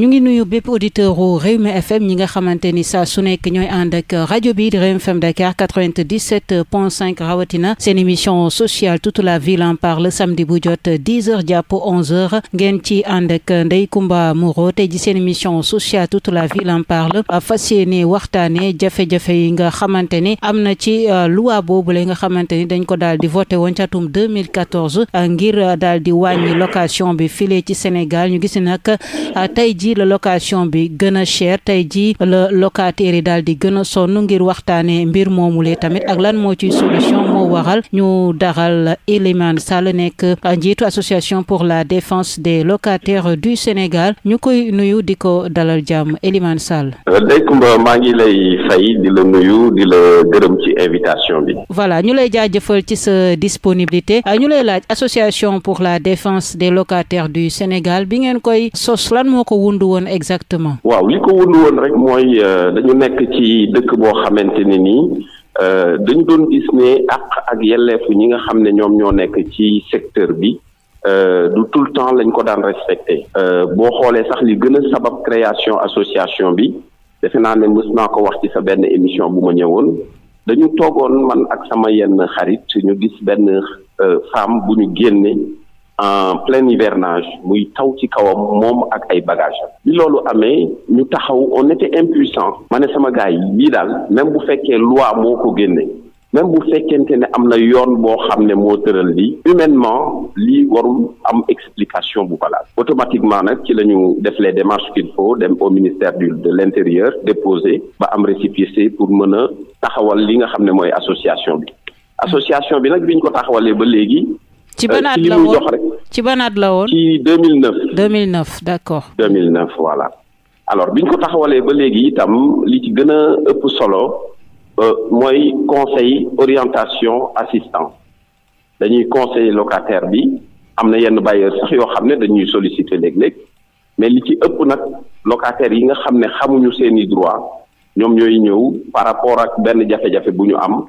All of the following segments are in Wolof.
ñu ngi nuyu bépp auditeurs u Rewmi FM ñi nga xamante ni saa su nekk ñooy ànd ak rajo bi di Rewmi FM Dakar 97 point 5 rawatina seen émission sociale toute la ville en parle samedi bu jot 10 heures jàpp 11 heures ngeen ci ànd ak Ndeye Comba Moreau tey ji seen émission sociale toute la ville en parle fas yéene waxtaane jafe-jafe yi nga xamante ni am na ci euh, loi boobu la nga xamante ni dañ ko daal di voté woon ca atum 2014 euh, ngir daal di wàññi location bi file ci Sénégal ñu gis nag euh, tey ji la location bi gën a cher tey ji la locataires yi daal di gën a sonn ngir waxtaanee mbir moomu moomulee tamit ak lan moo ci solution moo waral ñu daral Elimane Sall nekk njiitu association pour la défense des locataires du Sénégal ñu koy nuyu di ko dalal jàmm Elimane Sall. Euh, Ndeykumba maa ngi lay fay di la nuyu di la gërëm ci invitation bi. voilà ñu lay jaajëfal ci sa disponibilité euh, ñu lay laaj association pour la défense des locataires du Sénégal bi ngeen koy sos wund woon exactement. waaw li ko wund woon rek mooy euh, dañu nekk ci dëkk boo xamante ne nii euh, dañu doon gis ne àq ak yelleefu ñi nga xam ne ñoom ñoo nekk ci secteur bi. Euh, du tout le temps lañ ko daan respecté euh, boo xoolee sax li gën a sabab création association bi defe naa ne mës naa ko wax ci sa benn émission bu ma ñëwoon dañu toogoon man ak sama yenn xarit ñu gis benn euh, femme bu ñu génnee en plein hivernage muy taw ci kawam moom ak ay bagages bi loolu amee ñu taxaw on était impuissant ma ne sama gars yi daal même bu fekkee loi moo ko génne même bu fekkente ne am na yoon boo xam ne moo tëral lii humainement lii warul am explication bu valable automatiquement nag ci la ñu def lee démarches qu'il foo dem au ministère du de l'intérieur déposer ba am récépissé pour mën na taxawal li nga xam ne mooy association bi association bi nag bi ñu ko taxawalee ba léegi ci ban at la woon ci ban at la woon ci 2009. 2009 d'accord. 2009 voilà. alors bi ñu ko taxawalee ba léegi itam li ci gën a ëpp solo euh, mooy conseil orientation assistance dañuy conseiller locataire bi am na yenn bailleur sax yoo xam ne dañuy solliciter léeg-léeg mais li ci ëpp nag locataire yi nga xam ne xamuñu seeni droit ñoom ñooy ñëw par rapport ak benn jafe-jafe bu ñu am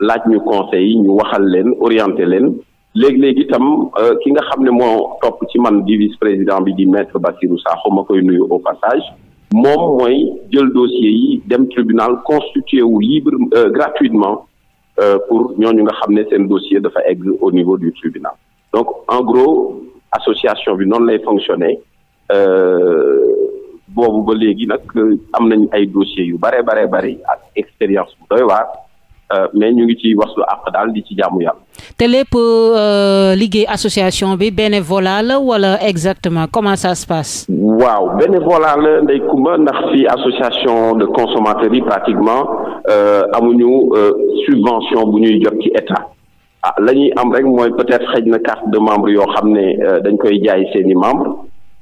laaj ñu conseil ñu waxal leen orienter leen. léegi-léegi itam euh, ki nga xam ne moo topp ci man di vice président bi di maître Bassirou Sakho ma koy nuyu au passage moom mooy jël dossier yi dem tribunal constitué wu libre euh, gratuitement euh, pour ñooñu nga xam ne seen dossier dafa egg au niveau du tribunal donc en association bi noonu lay fonctionner boobu ba léegi nag am nañ ay dossiers yu bare bare bare ak expérience bu doy waar Euh, mais ñu ngi ci waslu àq daal di ci jaamu yàlla. te lépp euh, liggéey association bi bénévolat la wala exactement comment ça se passe. waaw bénévolat la ndey kumba ndax fi association de consommateurs yi pratiquement euh, amuñu subvention bu ñuy jot ci état. ah la ñuy am rek mooy peut-être xëj na carte de membre yoo xam ne dañ koy jaay seeni membre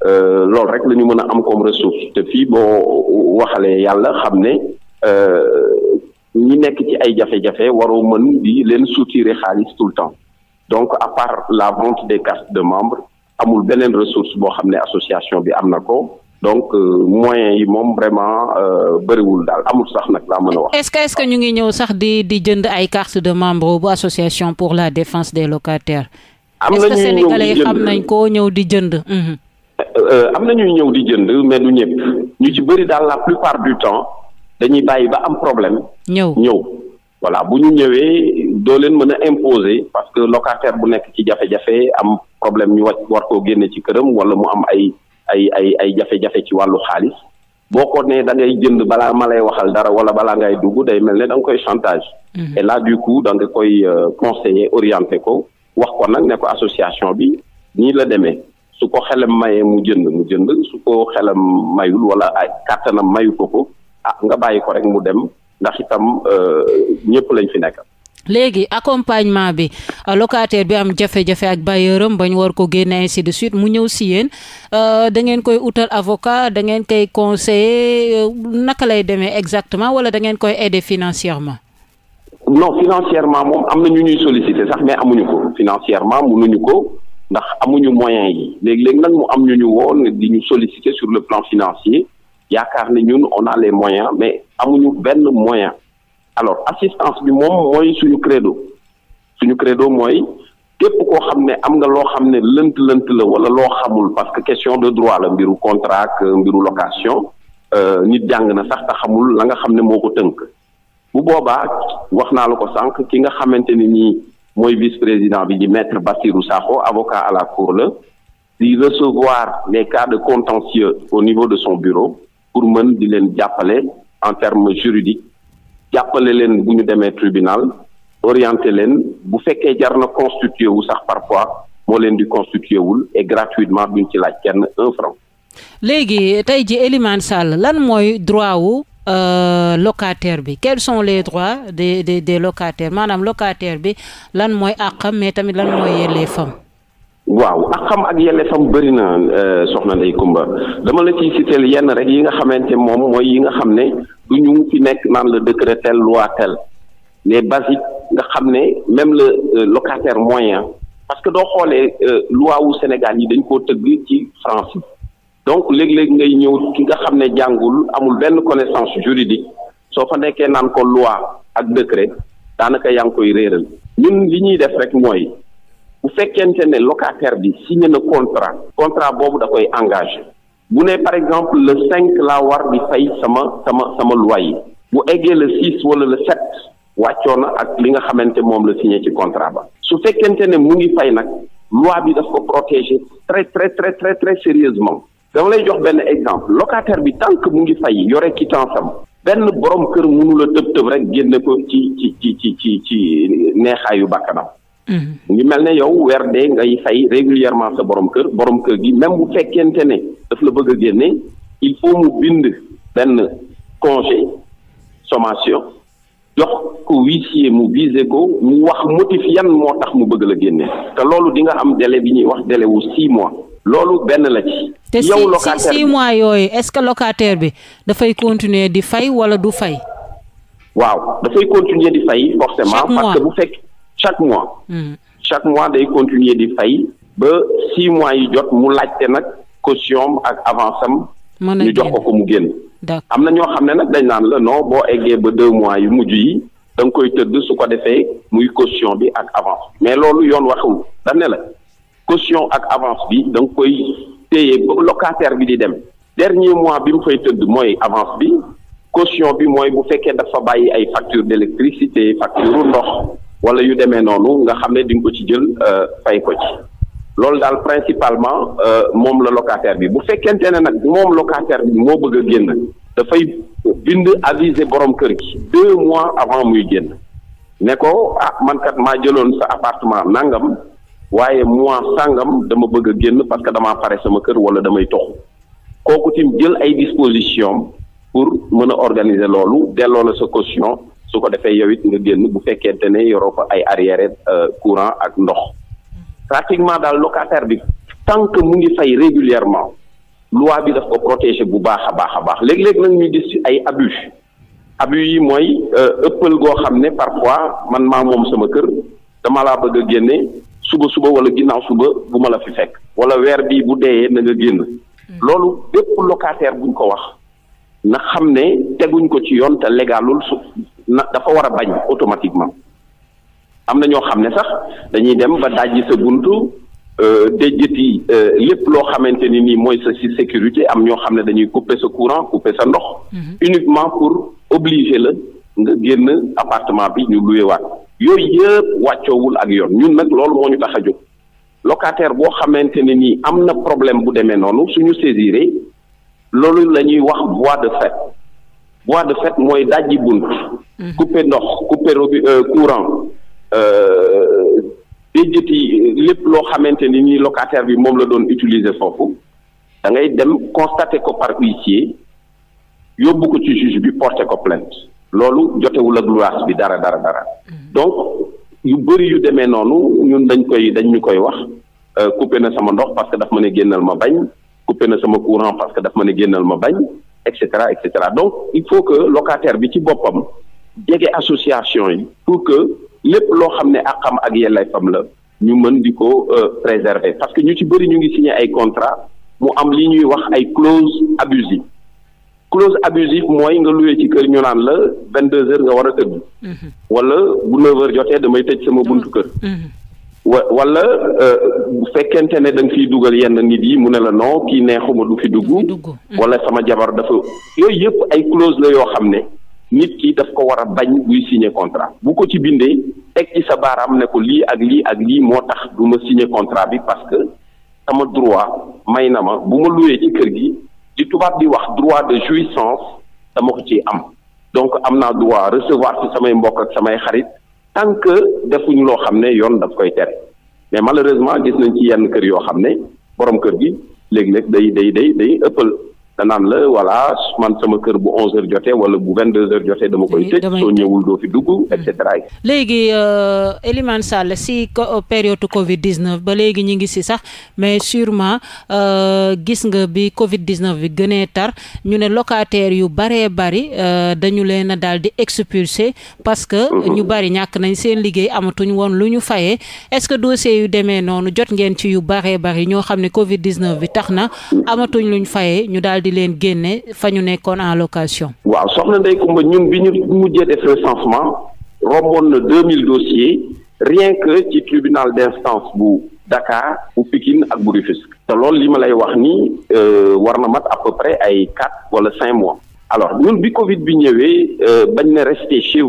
loolu rek lañu mën a am comme ressource te fii boo waxalee yàlla xam ne. ñi nekk ci ay jafe-jafe waroo mën di leen soutirer xaalis tout le temps donc à la vente des cartes de membres amul beneen ressource boo xam ne association bi am na ko donc euh, moyens moom vraiment euh, bëriwul daal amul sax nag laa mën a wax. est que ñu ngi ñëw sax di di jënd ay cartes de membre bu association pour la des locataires. am na ñuy ñëw di jënd est-ce que di jënd. Euh, am na ñuy ñëw di jënd mais du ñëpp ñu ci bëri daal la plupart du temps. dañuy bàyyi ba am problème. ñëw ñëw wala bu ñu ñëwee doo leen mën a imposer parce que locataire bu nekk ci jafe-jafe am problème ñu wàcc war koo génne ci këram wala mu am ay ay ay ay jafe-jafe ci wàllu xaalis boo ko nee da ngay jënd balaa ma lay waxal dara wala balaa ngay dugg day mel ne da nga koy chantage. Mhm. et là du coup da koy euh, conseiller orienté ko wax ko nag ne ko association bi nii la demee. su ko xelam mayee mu jënd mu jënd su ko xelam mayul wala ay kàttanam mayu ko ko ah nga bàyyi ko rek mu dem ndax itam euh, ñëpp lañ fi nekk. léegi accompagnement bi locataire bi am jafe-jafe ak bailleuram ba ñu war ko génne ainsi de suite mu ñëw si yéen euh, da ngeen koy utal avocat da ngeen koy conseiller euh, naka lay demee exactement wala da ngeen koy aider financièrement. non financièrement moom am na ñu ñuy solliciter sax mais amuñu ko financièrement mënuñu ko ndax amuñu moyen yi léegi léegi nag mu am ñu ñu woon di ñu solliciter sur le plan financier. yaakaar ne ñun on a les moyens mais amuñu benn moyen alors assistance bi moom mooy suñu credo suñu crédo mooy képp koo xam ne am nga loo xam ne lënt lënt la wala loo xamul parce que question de droit la mbiru contrat ak mbiru location euh, nit jàng na sax te xamul la nga xam ne moo ko tënk bu boobaa wax naa la ko sànq ki nga xamante ni nii mooy vice président bi di mettre Bassirou Sakho avocat à la cour la di recevoir les cas de contentieux au niveau de son bureau pour mën di leen jàppale en terme juridique jàppale leen bu ñu demee tribunal orienté leen bu fekkee jar na constitué wu sax parfois moo leen di constitué wul et gratuitement duñ ci laaj kenn un franc. léegi tey ji Elimane Sall lan mooy droit wu euh, locataire bi quels sont les droits de des des locataires maanaam locataire bi lan mooy àqam mais tamit lan mooy yelleefam. waaw ak xam ak yelleefam bëri na euh, soxna Ndeye Comba dama la ciy citeel yenn rek yi nga xamante moom mooy yi nga xam ne du ñu fi nekk naan la décret tel loi tel mais basique nga xam ne même le euh, locataire moyen parce que doo xoolee euh, loi wu Sénégal yi dañ koo tëgg ci France donc léeg-léeg ngay ñëw ki nga xam ne jàngul amul benn connaissance juridique soo fa nekkee naan ko loi ak décret daanaka yaa ngi koy réeral ñun li ñuy def rek mooy. bu fekkente ne locataire bi signé na contrat contrat boobu da koy engagé bu ne par exemple la cinq laa war di fay sama sama sama loyer bu eggee la six wala le sept wàccoo na ak li nga xamante moom la signé ci contrat ba su fekkente ne mu ngi fay nag loi bi daf ko protéger très très très très très sérieusement dama lay jox benn exemple locataire bi tant mu ngi fay yore quittance am benn borom kër mënu la tëb tëb rek génne ko ci ci ci ci ci ci neexaayu bakkanam Mm-hmm. mu ngi mel ne yow weer dee ngay fay régulièrement sa borom kër borom kër gi même bu fekkente ne daf la bëgg a génne il faut mu bind benn congé sommation jox ko huissier mu visé ko mu wax motif yan moo tax mu bëgg la génne te loolu di nga am délai bi ñuy wax délai wu six mois loolu benn la ci. te si six mois yooyu est-ce que locataire bi dafay continuer di fay wala du fay. waaw dafay continuer di fay forcément parce que bu fekk. chaque mois. Hmm. chaque mois day continuer di fay ba six mois yi jot mu laajte nag caution ak avance am. ñu jox ko ko mu génn. am na ñoo xam ne nag dañ naan la non boo eggee ba deux mois yu mujj yi danga koy tëdd su ko defee muy caution bi ak avance mais loolu yoon waxul dañ la caution ak avance bi da nga koy téye ba bi di dem dernier mois bi mu fay tëdd mooy avance bi caution bi mooy bu fekkee dafa bàyyi ay facture d'électricité facture ndox. wala yu demee noonu nga xam ne di ko ci jël euh, fay ko ci loolu daal principalement euh, moom la locataire bi bu fekkente ne nag moom locataire bi moo bëgg a génn dafay bind aviser borom kër gi deux mois avant muy génn ne ko ah man kat maa jëloon sa apartement nangam waaye mois sangam dama bëgg a génn parce que damaa pare sama kër wala damay toxu kooku tim jël ay disposition pour mën a organiser loolu delloo la sa caution su ko defee yow it nga génn bu fekkente ne yoroo fa ay arriéré euh, courant ak ndox pratiquement daal locataire bi tant que mu ngi fay régulièrement loi bi daf ko protéger bu baax a baax a baax léeg-léeg nag ñu gis ci ay abus abus yi mooy euh, ëppal goo xam ne parfois man maa moom sama kër dama laa bëgg a génne suba suba wala ginnaaw suba bu ma la fi fekk wala weer bii bu deeyee na génn hmm. loolu bépp locataire buñ ko wax na xam ne teguñ ko ci yoon te légalul su na dafa war a bañ automatiquement am na ñoo xam ne sax dañuy dem ba dajji sa buntu euh, déjjati euh, lépp loo xamante ni nii mooy sa ci sécurité am ñoo xam ne dañuy couper sa courant couper sa ndox mhm. uniquement pour obliger la nga génn appartement bi ñu luye waat yooyu yëpp wàccoowul ak yoon ñun nag loolu moo ñu tax a jóg locataire boo xamante ne nii am na problème bu demee noonu suñu saisiré loolu la ñuy wax voie de fait voie de fait mooy dajji bunt mhm. couper ndox couper robi euh, courant euh, déjjati lépp loo xamante ni ñuy locataire bi moom la doon utiliser foofu da ngay dem constater ko par huissier yóbbu ko ci juge bi porter ko plainte loolu jotewul ak luwaas bi dara dara mhm. donc yu bëri yu demee noonu ñun dañ koy dañ ñu koy wax euh, couper na sama ndox parce que daf ma ne génnal ma bañ coupé na sama courant parce que daf ma ne génnal ma bañ et cetera et cetera donc il faut que locataire bi ci boppam jege association yi pour que lépp loo xam ne ak xam ak yelleefam la ñu mën di ko euh, préserver parce que ñu ci bëri ñu ngi signé ay contrat mu am li ñuy wax ay clause abusive clause abusive mooy nga loué ci kër ñu naan la vingt deux heures nga war a tëdd mhm. wala bu neuf heures jotee damay tëj sama buntu kër mhm. wa wala euh, bu fekkente ne da nga fiy dugal yenn nit yi mu ne la noo kii neexuma du fi dugg. Mm. wala sama jabar dafa yooyu yëpp ay clause la yoo xam ne nit ki daf ko war a bañ buy signer contrat bu ko ci bindee teg ci sa baaraam ne ko lii ak lii ak lii moo tax du ma signer contrat bi parce que sama droit may na ma bu ma luwee ci kër gi di tubaab di wax droit de jouissance dama ko ci am donc am naa droit recevoir ci samay mbokk ak samay xarit. tant que defuñu loo xam ne yoon daf koy tere mais malheureusement gis nañ ci yenn kër yoo xam ne borom kër gi léegi-léeg day day day day ëppal danaan voilà man sama kër bu onze heures jotee wala bu vingt deux heures jotee dama koy tëj soo ñëwul doo fi dugg et hmm. léegi euh, Elimane Sall si euh, période Covid 19 ba léegi ñu ngi si sax mais sûrement euh, gis nga bi Covid 19 bi gënee tar ñu ne locataires yu baree bari dañu leen a daal di expulser parce que mm-hmm. ñu bari ñàkk nañ seen liggéey amatuñ woon lu ñu fayee est-ce que dossier yu demee noonu jot ngeen ci yu baree bari ñoo xam ne Covid 19 bi tax na amatuñ di leen génne fa ñu nekkoon en location. waaw soxna Ndeye Comba ñun bi ñu mujjee def recensement romboon na deux mille dossiers rien que ci tribunal d'instance bu Dakar bu Pikine ak bu Rufisque. te loolu li ma lay wax nii euh, war na mat à peu près ay quatre wala cinq mois. alors ñun bi Covid bi ñëwee euh, bañ na rester chez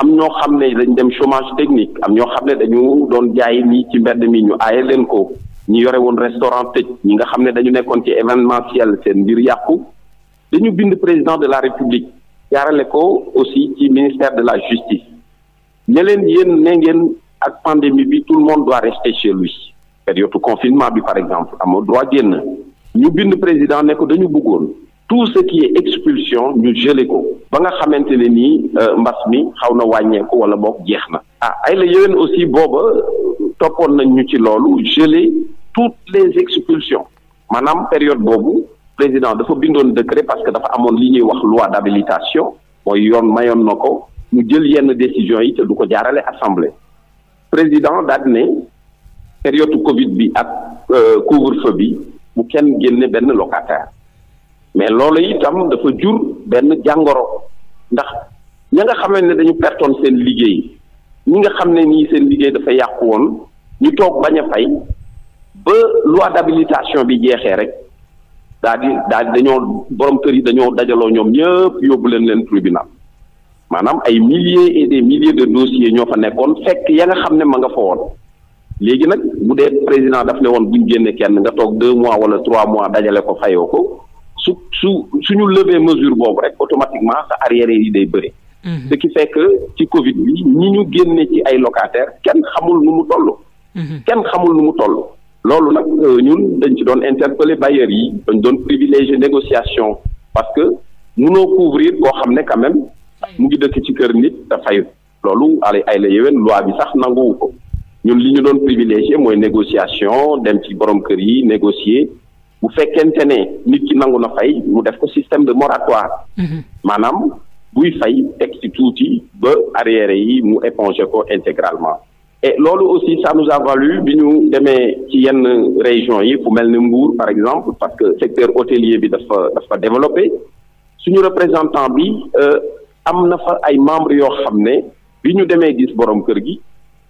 am ñoo xam ne dañ dem chômage technique am ñoo xam ne dañu doon jaay nii ci mbedd mii ñu aaye leen ko ñu yore woon restaurant tëj ñi nga xam ne dañu nekkoon ci événementiel seen mbir yàqu dañu bind président de la république jaarale ko aussi ci ministère de la justice ne leen yéen ne ngeen ak pandémie bi tout le monde doit rester chez lui période confinement bi par exemple amoo droit génn ñu bind président ne ko dañu bëggoon tout ce qui est expulsion ñu gelé ko ba nga xamante ne nii euh, mbas mi xaw na wàññeeku wala boog jeex na ah ay la yéen aussi booba toppoon nañ ñu ci loolu gelé toutes les expulsions maanaam période boobu président dafa bindoon décret parce que dafa amoon li ñuy wax loi d'habilitation mooy yoon mayoon na ko mu jël yenn décision yi te du ko jaarale assemblée président daal ne période Covid bi ak euh, couvre-feu bi bu kenn génne benn locataire mais loolu itam dafa jur benn jàngoro ndax ña nga xamee ne dañu pertoon seen liggéey ñi nga xam ne nii seen liggéey dafa yàqu woon ñu toog bañ a fay ba loi d'habilitation bi jeexee rek daal daal dañoo borom kër yi dañoo dajaloo ñoom ñëpp yóbbu leen leen tribunal maanaam ay milliers et des milliers de dossiers ñoo fa nekkoon fekk ya nga xam ne ma nga fa woon léegi nag bu dee président daf ne woon buñ génne kenn nga toog deux mois wala trois mois dajale ko fayoo ko su su suñu lever mesure boobu rek automatiquement sa arrière yi day bëri. Mhm. ce qui fait ci Covid bi ñi ñu génne ci ay locataires kenn xamul nu mu mhm. xamul nu mu toll. loolu nag euh, ñun dañ ci doon interpeller bailleurs yi dañ doon privilégier négociation parce que mu mënoo couvrir koo xam ne quand mu ngi dëkk ci kër nit te loolu ay ay la yéwén loi bi sax nanguwu ko ñun li ñu doon privilégier mooy négociation dem ci boroom kër yi négocier bu fekkente ne nit ki nangu na fay mu def ko système de moratoire mhm. maanaam buy fay teg ci tuuti ba arriéré yi mu éponger ko intégralement et loolu aussi ça nous a valu bi ñu demee ci yenn région yi fu mel ni Mbour par exemple parce que secteur hôtelier bi dafa dafa développé suñu représentant bi euh, am na fa ay membres yoo xam ne bi ñu demee gis borom kër gi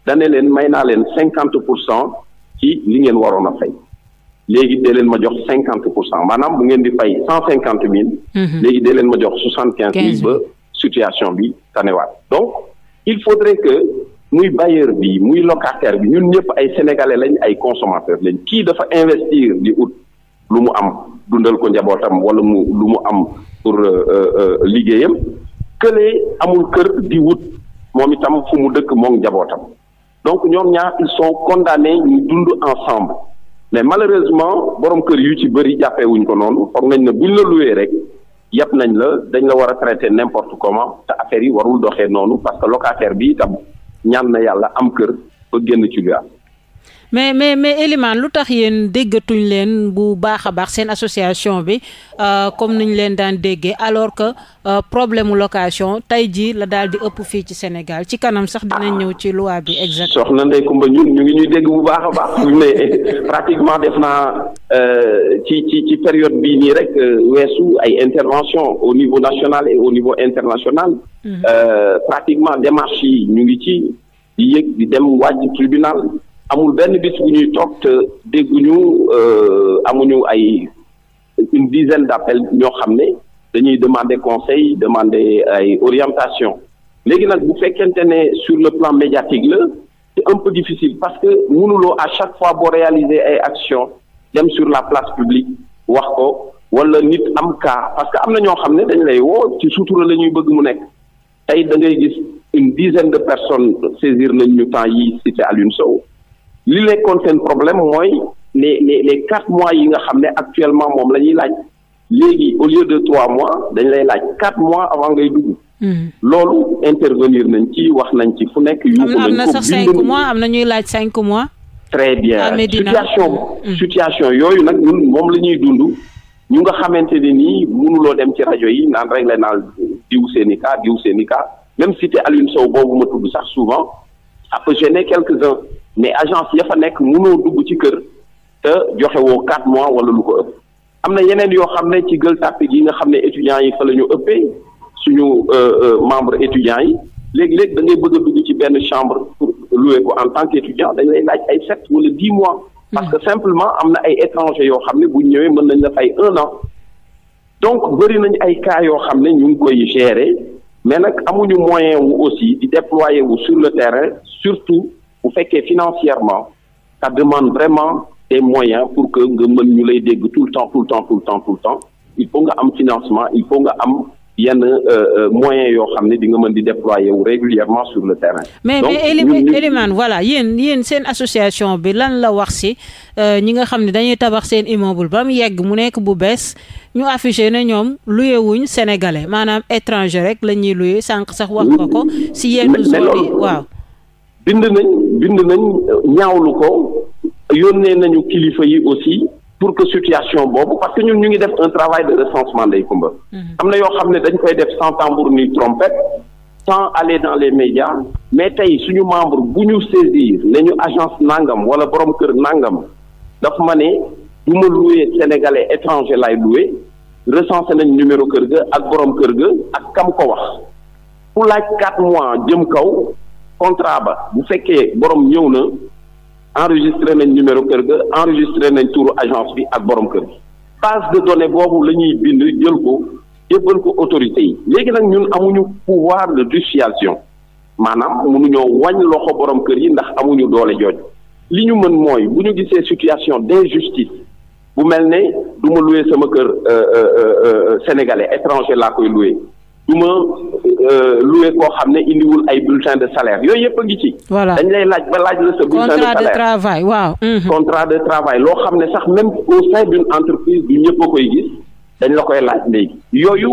dane leen may naa leen cinquante pour cent ci li ngeen waroon a fay léegi dee leen ma jox cinquante pour cent maanaam bu ngeen di fay cent cinquante mille mhm. léegi dee leen ma jox soixante quinze ba situation bi tanewaat donc il faudrait muy bailleur bi muy locataire bi ñun ñëpp ay sénégalais lañ ay consommateurs lañ kii dafa investir di ut lu mu am dundal ko njabootam wala mu lu mu am pour euh, euh, euh, liggéeyam këlee amul kër di wut moom itam fu mu dëkk moom njabootam donc ñoom ñaar ils sont condamnés ñu dund ensemble mais malheureusement borom kër yu ci bëri jàppee wuñ ko noonu foog nañ ne buñ la luwee rek yàpp nañ la dañ la war a traité n'importe comment te affaire yi warul doxee noonu parce que locataire bi ñaan na yàlla am kër ba génn ci lu mais mais mais Elimane lu tax yéen déggatuñ leen bu baax a baax seen association bi euh, comme niñ leen daan déggee alors que euh, problème mu location tey jii la daal di ëpp fii ci Sénégal ci kanam sax dinañ ñëw ci loi bi exact soxna Ndeye Comba ñun ñu ngi ñuy dégg bu baax a baax mais pratiquement def naa euh, ci ci ci période bii nii rek weesu ay intervention au niveau national et au niveau international Mhm. Euh, pratiquement démarche yi ñu ngi ci di yëg di dem wàjj tribunal amul benn bis bu ñuy toog te dégguñu euh, amuñu ay une dizaine d'appels ñoo xam ne dañuy demander conseil demande ay orientation léegi nag bu fekkente ne sur le plan médiatique la c'est un peu difficile parce que mënuloo à chaque fois boo réaliser ay actions dem sur la place publique wax ko wala nit am cas parce que am na ñoo xam ne dañ lay woo ci sutura la ñuy bëgg mu nekk tey da ngay gis une dizaine de personnes saisir nañ ñu temps yi cité Alioune Sow li nekkoon seen problème mooy le les les quatre mois yi nga xam ne actuellement moom la ñuy laaj léegi au lieu de trois mois dañ lay laaj quatre mois avant ngay dugg. Hmm. loolu intervenir nañ ci wax nañ ci fu nekk. yuuxu nañ ko am na sax cinq mois am na ñuy laaj cinq mois. Hmm. yooyu nag ñun moom la ñuy dund. ñu nga xamante ni nii mënuloo dem ci rajo yi naan rek la naal diw seen i cas diw seen i cas même cité Alioune Sow boobu ma tudd sax souvent après gêner quelques-uns mais agence ya fa nekk mënoo dugg ci kër te joxe woo quatre mois wala lu ko ëpp am na yeneen yoo xam ne ci gël tàppe gi nga xam ne étudiants yi fa la ñu ëppee suñu euh, euh, membre étudiants yi léegi léeg dangay ngay bëgg dugg ci benn chambre pour louer ko en tant qu'étudiant dañ lay laaj ay sept wala dix mois parce hmm. que simplement am na ay étrangers yoo xam ne bu ñëwee mën nañ la fay un an donc bëri nañ ay cas yoo xam ne ñu ngi koy gérer mais nag amuñu moyen wu aussi di déployer wu sur le terrain surtout bu fekkee financièrement ça demande vraiment des moyens pour que nga mën ñu lay dégg tout le temps tout le temps tout le temps tout le temps il faut nga am financement il faut nga am yenn euh, euh, moyens yoo xam ne di nga mën di déployer wu régulièrement sur le terrain. mais mais Elimane voilà yéen yéen seen association bi lan la wax si euh, ñi nga xam ne dañuy tabax seen immeuble ba mu yegg mu nekk bu bees ñu affiché ne ñoom loué wuñ sénégalais maanaam étranger rek la ñuy loué sànq sax wax nga ko. si yenn zone yi waaw. bind nañ bind nañ ñaawlu ko yónnee nañu kilifa yi aussi. pour que situation boobu parce que ñun ñu ngi def un travail de recensement day kumba mhm. am na yoo xam ne dañ koy def sans tambour ni trompette sans aller dans les médias mais tey suñu membre bu ñu saisir ne ñu agence nangam wala borom kër nangam dafa ma ne du ma loué sénégalais étranger lay loué recensé nañ numéro kër ga ak borom kër ga ak kam ko wax ku laaj quatre mois jëm kaw contrat ba bu fekkee borom ñëw na enregistré nañ numéro kër ga enregistré nañ turu agence bi ak borom kër gi base de données boobu la ñuy bind jël ko jébbal ko autorités yi léegi nag ñun amuñu pouvoir de dissuasion maanaam mënuñoo wàññ loxo borom kër yi ndax amuñu doole jooju li ñu mën mooy bu ñu gisee situation d'injustice bu mel ne du ma loué sama kër euh, euh, euh, sénégalais étranger laa koy loué du ma euh, loué koo xam ne indiwul ay bulletin de salaire yooyu yëpp a ngi ci. voilà dañ lay laaj ba laaj la sa. bulletin de salaire contrat de waaw. Mhm. contrat de travail loo xam ne sax même au sein d'une entreprise du ñëpp koy gis dañ la koy laaj léegi yooyu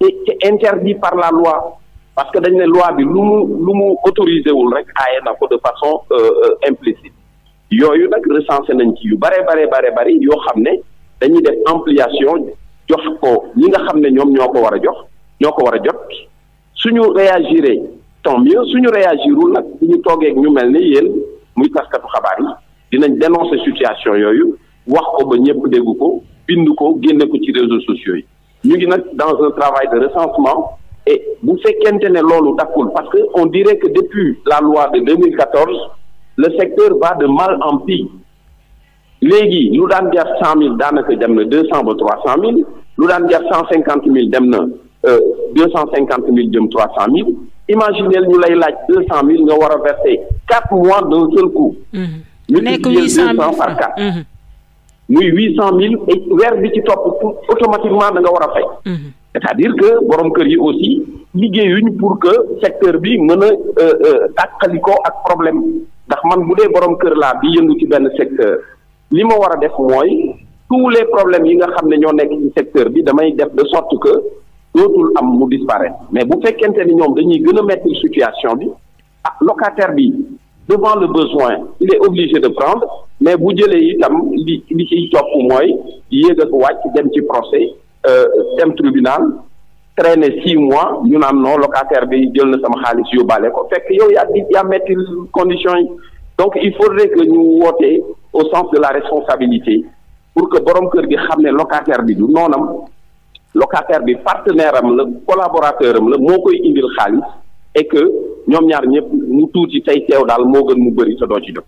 c'est c'est interdit par la loi parce que dañ ne loi bi lu mu lu mu autorisé wul rek aaye na ko de façon euh, euh, implicite yooyu nag recensé nañ ci yu bare bare bare bari yoo xam ne dañuy def ampliation jox ko ñi nga xam ne ñoom ñoo ko war a jox. ñoo ko war a jot suñu réagiré tant mieux suñu réagirul nag ñu toogee ak ñu mel ni yéen muy taskatu xabaar yi dinañ dénoncer situation yooyu wax ko ba ñëpp dégg ko bind ko génne ko ci réseaux sociaux yi ñu ngi nag dans un travail de recensement e bu fekkente ne loolu dakkul parce que on dirait que depuis la loi de 2014 le secteur ba de mal en pis léegi lu daan jar cent mille daanaka dem na deux cent ba trois cent mille lu daan jar cinquante mille dem na Euh, deux cent cinquante mille jëm trois cent mille imaginez ñu lay laaj deux cent mille nga war a verser quatre mois d'un seul coup. Mhm. ñu nekk huit cent mhm. muy huit cent mille weer bi ci topp automatiquement da nga war a fay. Mhm. cest à que borom kër yi aussi liggéeyuñ pour que secteur bi mën a euh, euh, tàqalikoo ak problème ndax man bu dee borom kër laa bi yëngu ci benn secteur li ma war a def mooy tous les problèmes yi nga xam ne ñoo nekk ci secteur bi damay def de sorte que. dootul am mu mais bu fekkente ni ñoom dañuy gën a mettre situation bi ah locataire bi devant le besoin il est obligé de prendre mais bu jëlee itam li li ciy topp mooy yéeg ak wàcc dem ci procès euh, dem tribunal traîner six mois ñu naan non locataire bi jël na sama xaalis yóbbaale ko fekk yow yaa di yaa metti condition yi donc il faut que ñu wootee au sens de la responsabilité pour que borom kër gi xam ne locataire bi du noonam locataire bi partenaire la collaborateur am la moo koy indil xaalis et que ñoom ñaar ñëpp mu tuuti tey teew daal moo gën mu bëri te doo ci jot.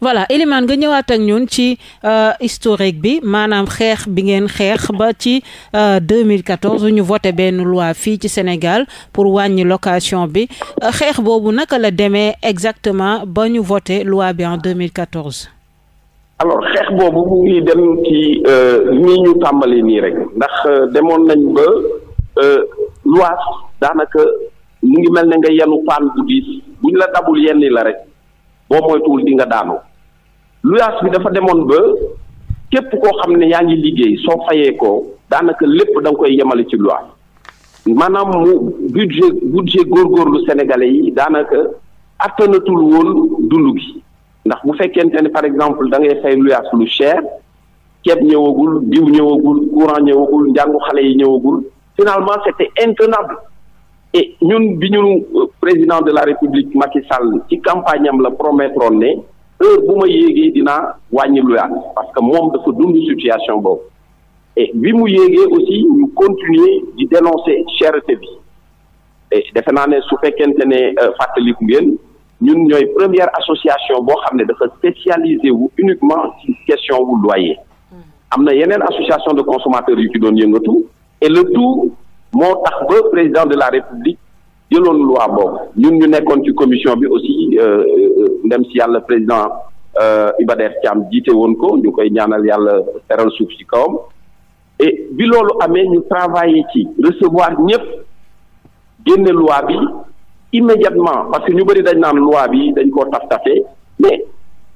voilà Elimane nga ñëwaat ñun ci euh, historique bi maanaam xeex bi ngeen xeex ba ci 2014 euh, ñu voté benn loi fii ci Sénégal pour wàññi location bi euh, xeex boobu naka la demee exactement ba ñu voté loi bi en 2014. alors xeex boobu mu ngi dem ci euh, nii ñu tàmbali nii rek ndax euh, demoon nañ ba euh, luwaas daanaka mu ngi mel ne nga yenu paan bu diis buñ la dabul yenn la rek boo moytuwul di nga daanu luwaas bi dafa demoon ba képp koo xam ne yaa ngi liggéey soo fayee ko daanaka lépp danga koy yemale ci luwaas maanaam mu budget budget góorgóorlu sénégalais yi daanaka attanatul woon dund gi ndax bu fekkente ne par exemple da ngay fay luyaas lu cher ceeb ñëwagul diw ñëwagul courant ñëwagul njàngu xale yi ñëwagul finalement c'était intenable et ñun bi ñu euh, président de la république Macky Sall ci campagne am la promettroon ne heure bu ma yéegee dinaa wàññi luyaas parce que moom dafa dund situation boobu bi mu yéegee aussi ñu continuer di dénoncer cherté bi defe naa ne su fekkente ne euh, fàttaliku ngeen ñun ñooy première association boo xam ne dafa spécialisé wu uniquement question wu loyer hmm. am na yeneen association de consommateurs yu ci doon yëngatu et le tout moo tax ba président de la république jëloon loi boobu ñun ñu nekkoon ci commission bi aussi euh, euh, ndem si yàlla président Iba euh, Der Thiam jiite woon ko ñu koy ñaanal yàlla teral suuf si kawam et bi loolu amee ñu travailler ci recevoir ñëpp génne loi bi immédiatement parce que ñu bëri dañ naan loi bi dañ koo taf tafee mais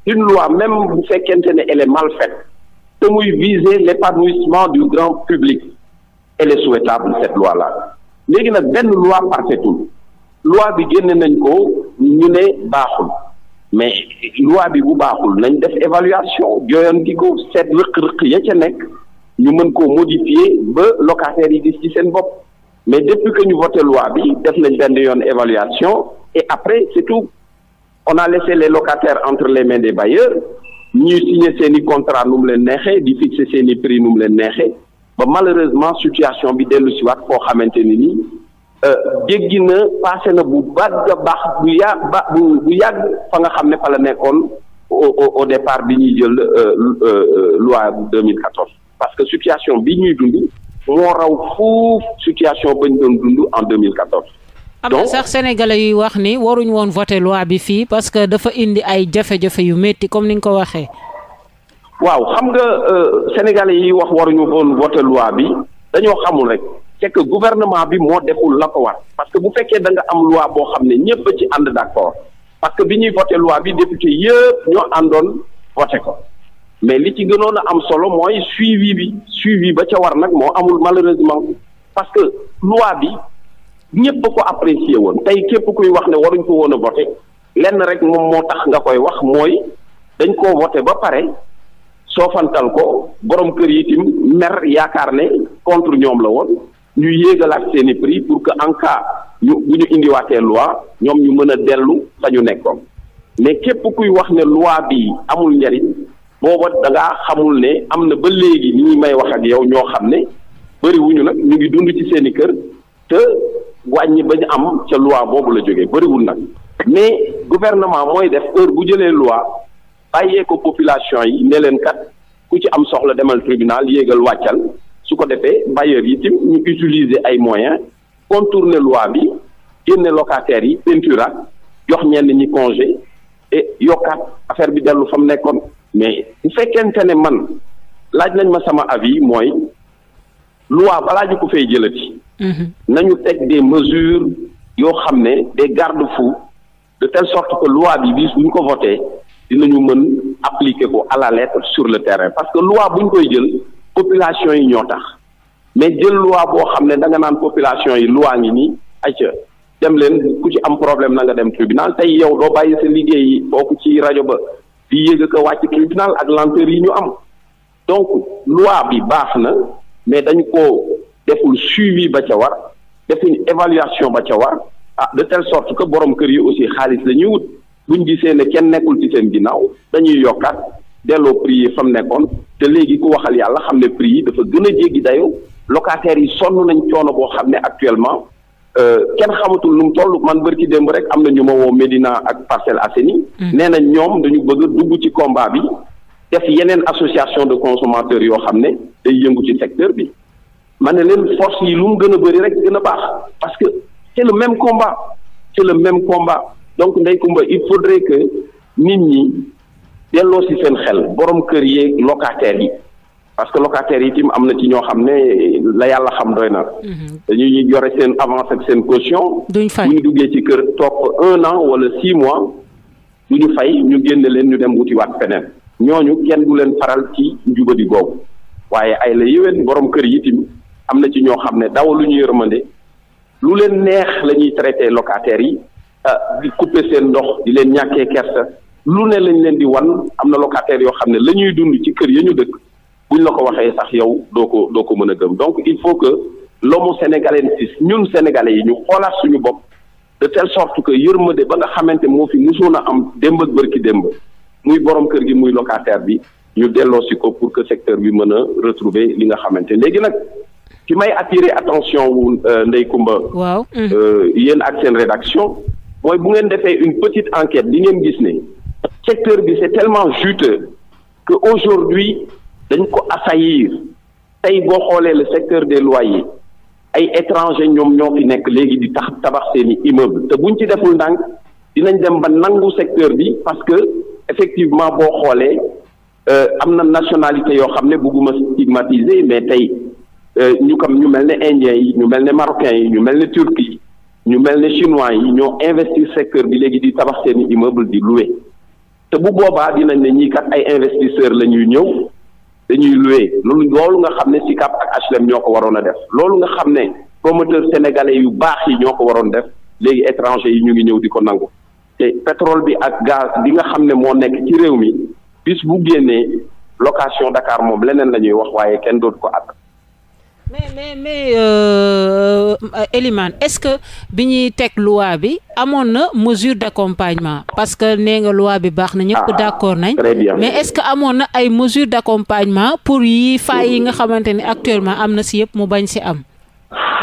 une loi même bu fekkente ne elle est mal faite te muy viser l'épanouissement du grand public elle est souhaitable cette loi là léegi nag benn loi parfaitul loi bi génne nañ ko ñu ne baaxul mais loi bi bu baaxul nañ def évaluation jooyanti ko seet rëq-rëq ya ca nekk ñu mën koo modifier ba locataires yi gis ci seen bopp mais depuis que ñu voté loi bi def nañ benn yoon évaluation et après c'est tout on a laissé les locataires entre le mains des bailleurs ñuy signer seen contrat nu mu leen neexee di fixer seen i prix nu leen neexee ba malheureusement situation bi dellu si waat foo xamante ni nii euh, jéggi na passé na bu baax a baax bu ya ba bu bu yàgg fa nga xam ne fa la nekkoon au au départ bi ñuy jël euh, euh, loi mil 2014 parce que situation bi ñuy dund moo raw fuuf situation bañ doon dund en 2014. am na sax sénégalais yuy wax ni waruñ woon voter loi bi fii parce que dafa indi ay jafe-jafe yu métti comme ni nga ko waxee. waaw xam nga euh, sénégalais yi wax waruñu woon voter loi bi dañoo xamul rek c'est que gouvernement bi moo deful la ko war parce que bu fekkee da nga am loi boo xam ne ñëpp ci ànd d'accord parce que bi ñuy voter loi bi député yëpp ñoo àndoon voter ko. mais li ci gënoon a am solo mooy suivi bi suivi ba ca war nag moo amul malheureusement parce que loi bi ñëpp ko apprécier woon tey képp kuy wax ne waruñ ko woon a voté lenn rek moom moo tax nga koy wax mooy dañ koo voté ba pare soofantal ko borom kër yi itam mer yaakaar ne contre ñoom la woon ñu yéegalaat seeni prix pour que en cas ñu bu ñu indiwaatee loi ñoom ñu mën a dellu fa ñu nekkoon mais képp kuy wax ne loi bi amul njariñ booba dangaa xamul ne am na ba léegi ñi may wax ak yow ñoo xam ne bëri nag ñu ngi dund ci seen i kër te wàññi ba am ca loi boobu la jógee bëriwul nag mais gouvernement mooy def heure bu jëlee loi bàyyee ko population yi ne leen kat ku ci am soxla demal tribunal yéegal wàccal su ko defee bailleurs yi tim ñu utiliser ay moyens contourner loi bi génne locataires yi peinture jox ñenn ñi congé et yokkaat affaire bi dellu fa mu nekkoon mais bu fekkente ne man laaj nañ ma sama avis mooy loi balaa ñu ko fay jëlati. Mhm. nañu teg des mesures yoo xam ne des garde-fous de telle sorte que loi bi bii bu ñu ko dina ñu mën appliquer ko à la lettre sur le terrain parce que loi bu ñu koy jël population yi ñoo tax mais jël loi boo xam ne da nga naan population yi loi ngi nii ayca dem leen ku ci am problème na nga dem tribunal tey yow doo bàyyi sa liggéey bokk ci rajo ba di yéeg a wàcc tribunal ak lenteur yi ñu am donc loi bi baax na mais dañu ko deful suivi ba ca war defuñ évaluation ba ca war ah de telle sorte que borom kër yi aussi xaalis la ñuy wut buñ gisee ne kenn nekkul ci seen ginnaaw dañuy yokkaat delloo prix yi fa mu nekkoon te léegi ku waxal yàlla xam ne prix yi dafa gën a jéggi dayoo locataires yi sonn nañ coono boo xam ne actuellement Euh, kenn xamatul lu mu toll man bërki démb rek am na ñu ma woo Médina ak Parcelles asseni hmm. nee na ñoom dañu bëgg dugg ci combat bi def yeneen association de consommateurs yoo xam ne day yëngu ci secteur bi ma ne leen force yi lu mu gën a bëri rek gën a baax parce que c'est le même combat c'est le même combat donc Ndeye Comba il faudrait que nit ñi delloo si seen xel borom kër yeeg locataires yi parce que locataires yi itam am na ci ñoo xam ne la yàlla xam doy na. Mhm. dañuy yore seen avance ak seen caution. duñ fay ñu duggee ci kër topp un an wala six mois du ñu fay ñu génne leen ñu dem wutiwaat feneen. ñu kenn du leen faral ci njubadi googu waaye ay la yéwén boroom kër yi am na ci ñoo xam ne daw lu ñu yërmande lu leen neex la ñuy traité locataires yi ah, di couper seen ndox di leen ñàkkee kersa lu ne lañ leen di wan am na locataires yoo xam ne la ñuy dund ci kër ya ñu dëkk. buñ la ko waxee sax yow doo ko doo ko mën a gëm donc il faut que l'homme sénégalais ñun sénégalais yi ñu xoolaat suñu bopp de tell sorte que yërmande ba nga xamante moo fi musoon a am démbal bërki démb muy borom kër gi muy locataire bi ñu delloo si ko pour que secteur bi mën a retrouver li nga xamante léegi nag ci may attirer attention wu euh, ndey Comba waaw euh, yéen ak seen rédaction mooy bu ngeen defee une petite enquête li ngeen gis ne secteur bi c'est tellement juteux que aujourd'hui dañ ko assaillir tey boo xoolee la secteur des yi ay étrangers ñoom ñoo fi nekk léegi di tax tabax seeni immeuble te ñu ci deful ndànk dinañ dem ba nangu secteur bi parce que effectivement boo xoolee euh, am na nationalité yoo xam ne bëgguma stigmatiser mais tey euh, ñu kam ñu mel ne indiens yi ñu mel ne marocains yi ñu mel ne turcs yi ñu mel ne chinois yi ñoo investir secteur bi léegi di tabax seeni immeuble di louer te bu boobaa dinañ ne ñii kat ay investisseurs la ñuy ñëw dañuy loué loolu loolu nga xam ne SICAP ak HLM ñoo ko waroon a def loolu nga xam ne promoteur sénégalais yu baax yi ñoo ko waroon def léegi étranger yi ñu ngi ñëw di ko nangu te pétrole bi ak gaz bi nga xam ne moo nekk ci réew mi bis bu génnee location Dakar moom leneen la ñuy wax waaye kenn dootu ko àtt mais mais mais euh, euh, Elimane euh, est-ce que bi ñuy teg loi bi amoon na mesure d'accompagnement parce que nee nga loi bi baax na ñëpp ah, d'accord nañ mais est-ce que amoon na ay mesures d'accompagnement pour yi failles yi nga xamante ni actuellement am na si yëpp mu bañ si am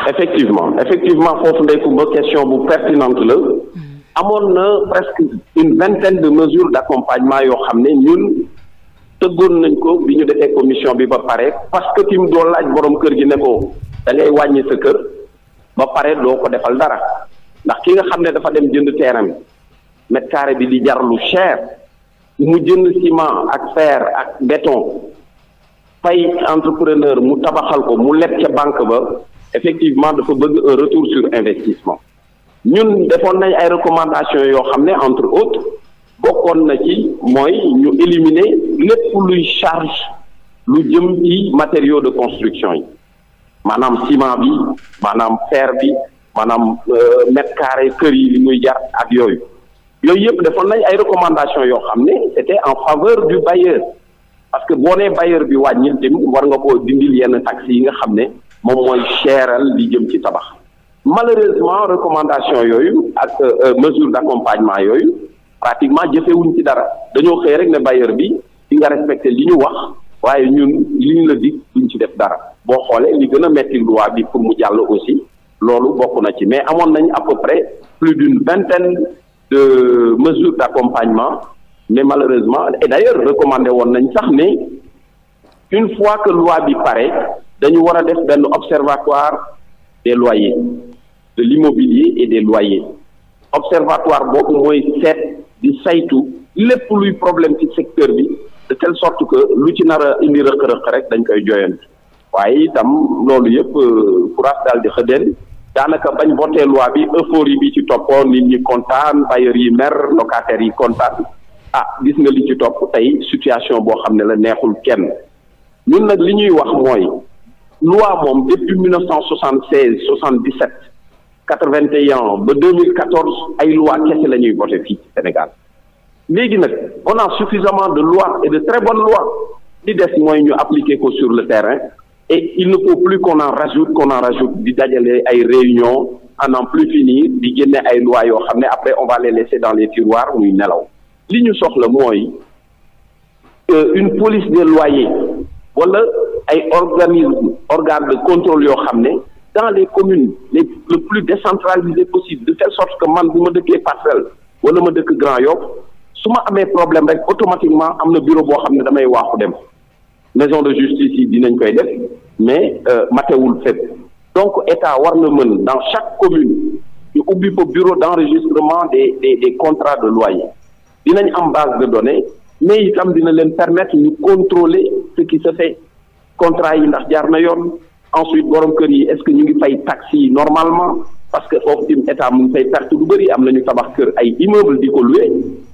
effectivement effectivement foofu Ndeye Comba question bu pertinente la hmm. amoon na presque une vingtaine de mesures d'accompagnement yoo xam ne ñun tëggoon nañ ko bi ñu defee commission bi ba pare parce que tim doo laaj borom kër gi ne ko da wàññi sa kër ba pare doo ko defal dara ndax ki nga xam ne dafa dem jënd terrain bi mètre bi di jar lu cher mu jënd ciment ak fer ak béton fay entrepreneur mu tabaxal ko mu leb ca banque ba effectivement dafa bëgg un retour sur investissement ñun defoon nañ ay recommandations yoo xam ne entre autres bokkoon na ci mooy ñu éliminer lépp luy charge lu jëm ci matériaux de construction yi maanaam ciment bi maanaam fer bi maanaam euh, mètre carré kër yi li muy jar ak yooyu yooyu yëpp defoon nañ ay recommandations yoo xam ne c'était en faveur du bailleur parce que boo nee bailleur bi wàññil tamit war nga koo dindil yenn taxes yi nga xam ne moom mooy cheral li jëm ci tabax malheureusement recommandation yooyu ak euh, euh, mesure d'accompagnement yooyu pratiquement jëfewuñ ci dara dañoo xëy rek ne bailleur bi di nga respecté li ñu wax waaye ñun li ñu la dig duñ ci def dara boo xoolee li gën a metti loi bi pour mu jàll aussi loolu bokk na ci mais amoon nañ à peu près plus d'une vingtaine de mesures d'accompagnement mais malheureusement et d'ailleurs recommandé woon nañ sax ne une fois que loi bi pare dañu war a def benn observatoire des loyers de l'immobilier et des loyers observatoire boobu di saytu lépp luy problème ci secteur bi de telle sorte que lu ci nar a indi rëq-rëq rek dañ koy joyant waaye itam loolu yëpp euh, courage daal di xëddeen daanaka bañ voté loi bi yi bi ci toppoon nit ñi kontaan bailleurs yi mer locataires yi kontaan ah gis nga li ci topp tey situation boo xam ne la neexul kenn ñun nag li ñuy wax mooy loi moom depuis mille neuf cent soixante seize soixante dix sept 81 ba 2014 ay loi kese la ñuy voté fii ci Sénégal léegi nag on a suffisamment de lois et de très bonnes lois li des mooy ñu appliquer ko sur le terrain et il ne faut plus qu'on en rajoute qu'on en rajoute di dajale ay réunion à n'en plus finir di génne ay lois yoo xam ne après on va les laisser dans les tiroirs muy nelaw li ñu soxla mooy euh, une police des loyers wala ay organisme organe de contrôle yoo xam ne dans les communes les le plus décentralisé possible de telle sorte que man bu ma dëkkee parcelle wala ma dëkk Grand Yoff su ma amee problème rek automatiquement am na bureau boo xam ne damay waaxu dem maison de justice yi dinañ koy def mais euh, matewul fépp donc état war na mën dans chaque commune ñu ubbi fa bureau d'enregistrement des des des contrat de loyer dinañ am base de données mais itam dina leen permettre ñu contrôler ce qui se fait contrat yi ndax jaar na yoon ensuite boroom kër yi est-ce que ñu ngi fay taxes yi normalement parce que foofu tim état mu ngi fay perte lu bëri am na ñu tabax kër ay immeuble di ko loué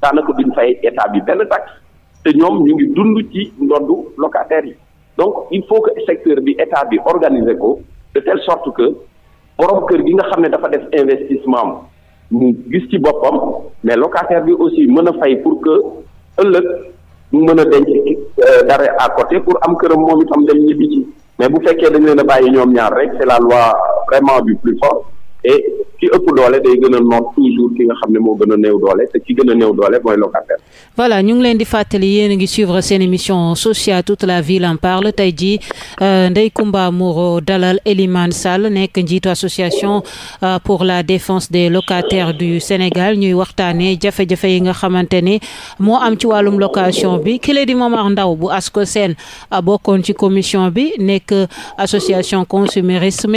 daanaka duñ fay état bi benn taxe te ñoom ñu ngi dund ci ndoddu locataires yi donc il faut que secteur bi état bi organiser ko de telle sorte que borom kër gi nga xam ne dafa def investissement am mu gis ci boppam mais locataire bi aussi mën a fay pour que ëllëg mu mën a denc euh, dara à côté pour am këram moom itam dem ñibbi mais bu fekkee dañ leen a bàyyi ñoom ñaar rek c'est la loi vraiment du plus fort et ki ëpp doole day gën a noot toujours ki nga xam ne moo gën a doole te ki gën a doole mooy locataire. voilà ñu ngi leen di fàttali yéen a ngi suivre seen émission sociale toute la ville en parle tey jii euh, Ndeye Comba Moreau dalal Elimane Sall nekk njiitu association euh, pour la défense des locataires du Sénégal ñuy waxtaanee jafe-jafe yi nga xamante ni moo am ci wàllum location bi ki la di Momar Ndao bu ASCOSEN bokkoon ci commission bi nekk association consumériste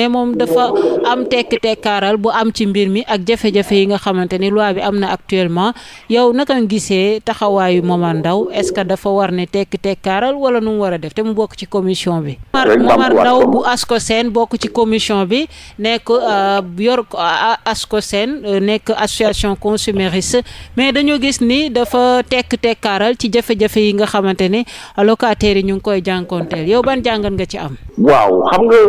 am ci mbir mi ak jafe-jafe yi nga xamante ni loi bi am na actuellement yow naka nga gisee taxawaayu Momar Ndao est-ce que dafa war ne tekk tekkaaral wala nu mu war a def te mu bokk ci commission bi. Momar Ndao bu ASCOSEN bokk ci commission bi nekk euh, yor ASCOSEN euh, nekk association consumériste mais dañoo gis ni dafa tekk tekkaaral ci jafe-jafe yi nga xamante ni locataires yi ñu ngi koy jànkoonteel yow ban jàngat nga ci am. waaw xam nga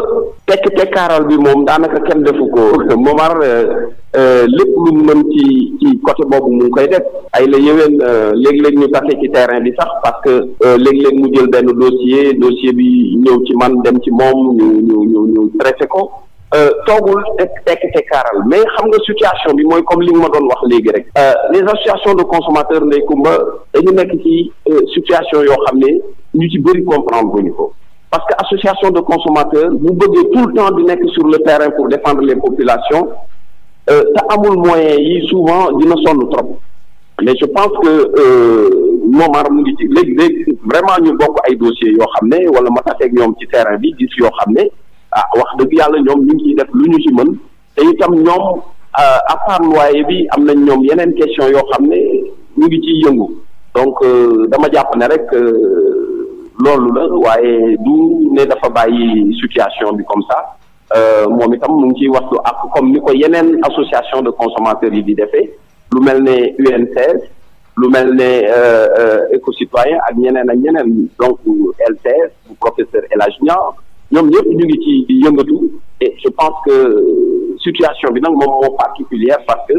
tekk tekkaaral bi moom daanaka kenn defu ko euh, Euh, euh, lépp lu mu mën ci ci côté boobu mu ngi koy def ay la yëween euh, léeg-léeg ñu tase ci terrain bi sax parce que léeg-léeg mu jël benn dossier dossier bi ñëw ci man dem ci moom ñu ñu ñu ñu traité ko toogul tekk tekk tekkaaral mais xam nga situation bi mooy comme li nga ma doon wax léegi rek les associations de consommateurs Ndeye Comba dañu nekk ci situation yoo xam ne ñu ci bëri comprendre bu ñu ko parce que association de consommateurs bu bëggee tout le temps di nekk sur le terrain pour défendre les populations Euh, te amul moyen yi souvent dina sonn trop mais je pense que euh, Momar mu ngi ci léegi léegi vraiment ñu bokk ay dossiers yoo xam ne wala ma taseeg ñoom ci terrain bi gis yoo xam ne ah wax dëgg yàlla ñoom ñu ngi ciy def lu ñu ci mën te itam ñoom euh, à part loyer bi am nañ ñoom yeneen question yoo xam ne ñu ngi ciy yëngu donc dama jàpp ne rek loolu la waaye du ne dafa bàyyi situation bi comme ça Euh, moom itam mu ngi ciy waxtu ak comme ni ko yeneen association de consommateurs yi di defee lu mel ne UNCS e lu mel ne euh, euh, éco-citoyen ak ñeneen ak ñeneen donc LCS bu professeur El Hadj ñoom ñëpp ñu ngi ci yëngatu et je pense que situation bi nag moom moo particulière parce que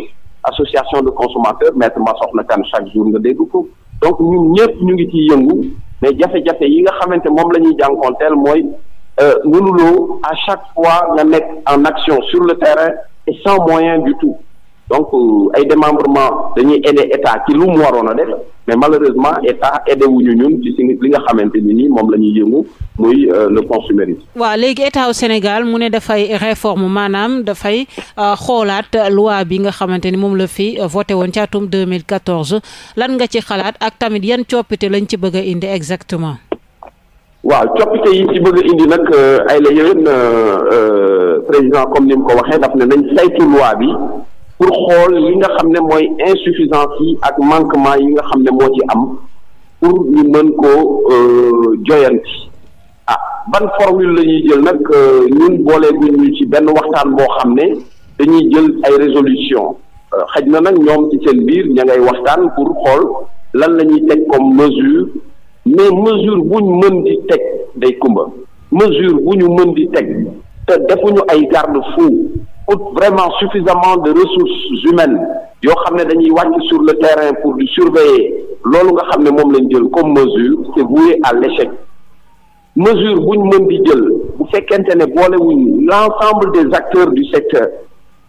association de consommateurs maître ma soxna kan chaque jour nga dégg ko donc ñun ñu ngi ciy yëngu mais jafe-jafe yi nga xamante moom la ñuy jànkoonteel mooy mënuloo euh, à chaque fois nga nekk en action sur le terrain et sans moyen du tout donc euh, ay démembrement dañuy aider état ci lu mu waroon a def mais malheureusement état aidé wuñu ñun li nga xamante moom la yëngu muy euh, le consumérisme. waaw léegi état Sénégal mu ne dafay réforme maanaam dafay xoolaat loi bi nga xamante ni moom la fi voté woon caatum deux atum 2014 lan nga ci xalaat ak tamit yan coppite lañ ci bëgg a indi exactement. waaw coppite yi ci bëgg indi nag euh, ay la yéwén euh, euh, président comme ni mu ko waxee daf ne nañ saytu loi bi pour xool li nga xam ne mooy insuffisance yi ak manquement yi nga xam ne moo ci am pour ñu mën koo joyanti ah ban formule la ñuy jël nag ñun booleeguñ ñu ci benn waxtaan boo xam ne dañuy jël ay résolution xaj na nag ñoom ci seen biir ña ngay waxtaan pour xool lan la ñuy teg comme mesure mais mesure bu ñu mën di teg day kumba mesure bu ñu mën di teg te defuñu ay garde-fou pour vraiment suffisamment de ressources humaines yoo xam ne dañuy wàcc sur le terrain pour di surveiller loolu nga xam ne moom lañ jël comme mesure c'est voué à l'échec mesure bu ñu mën di jël bu fekkente ne boolewuñu l'ensemble des acteurs du secteur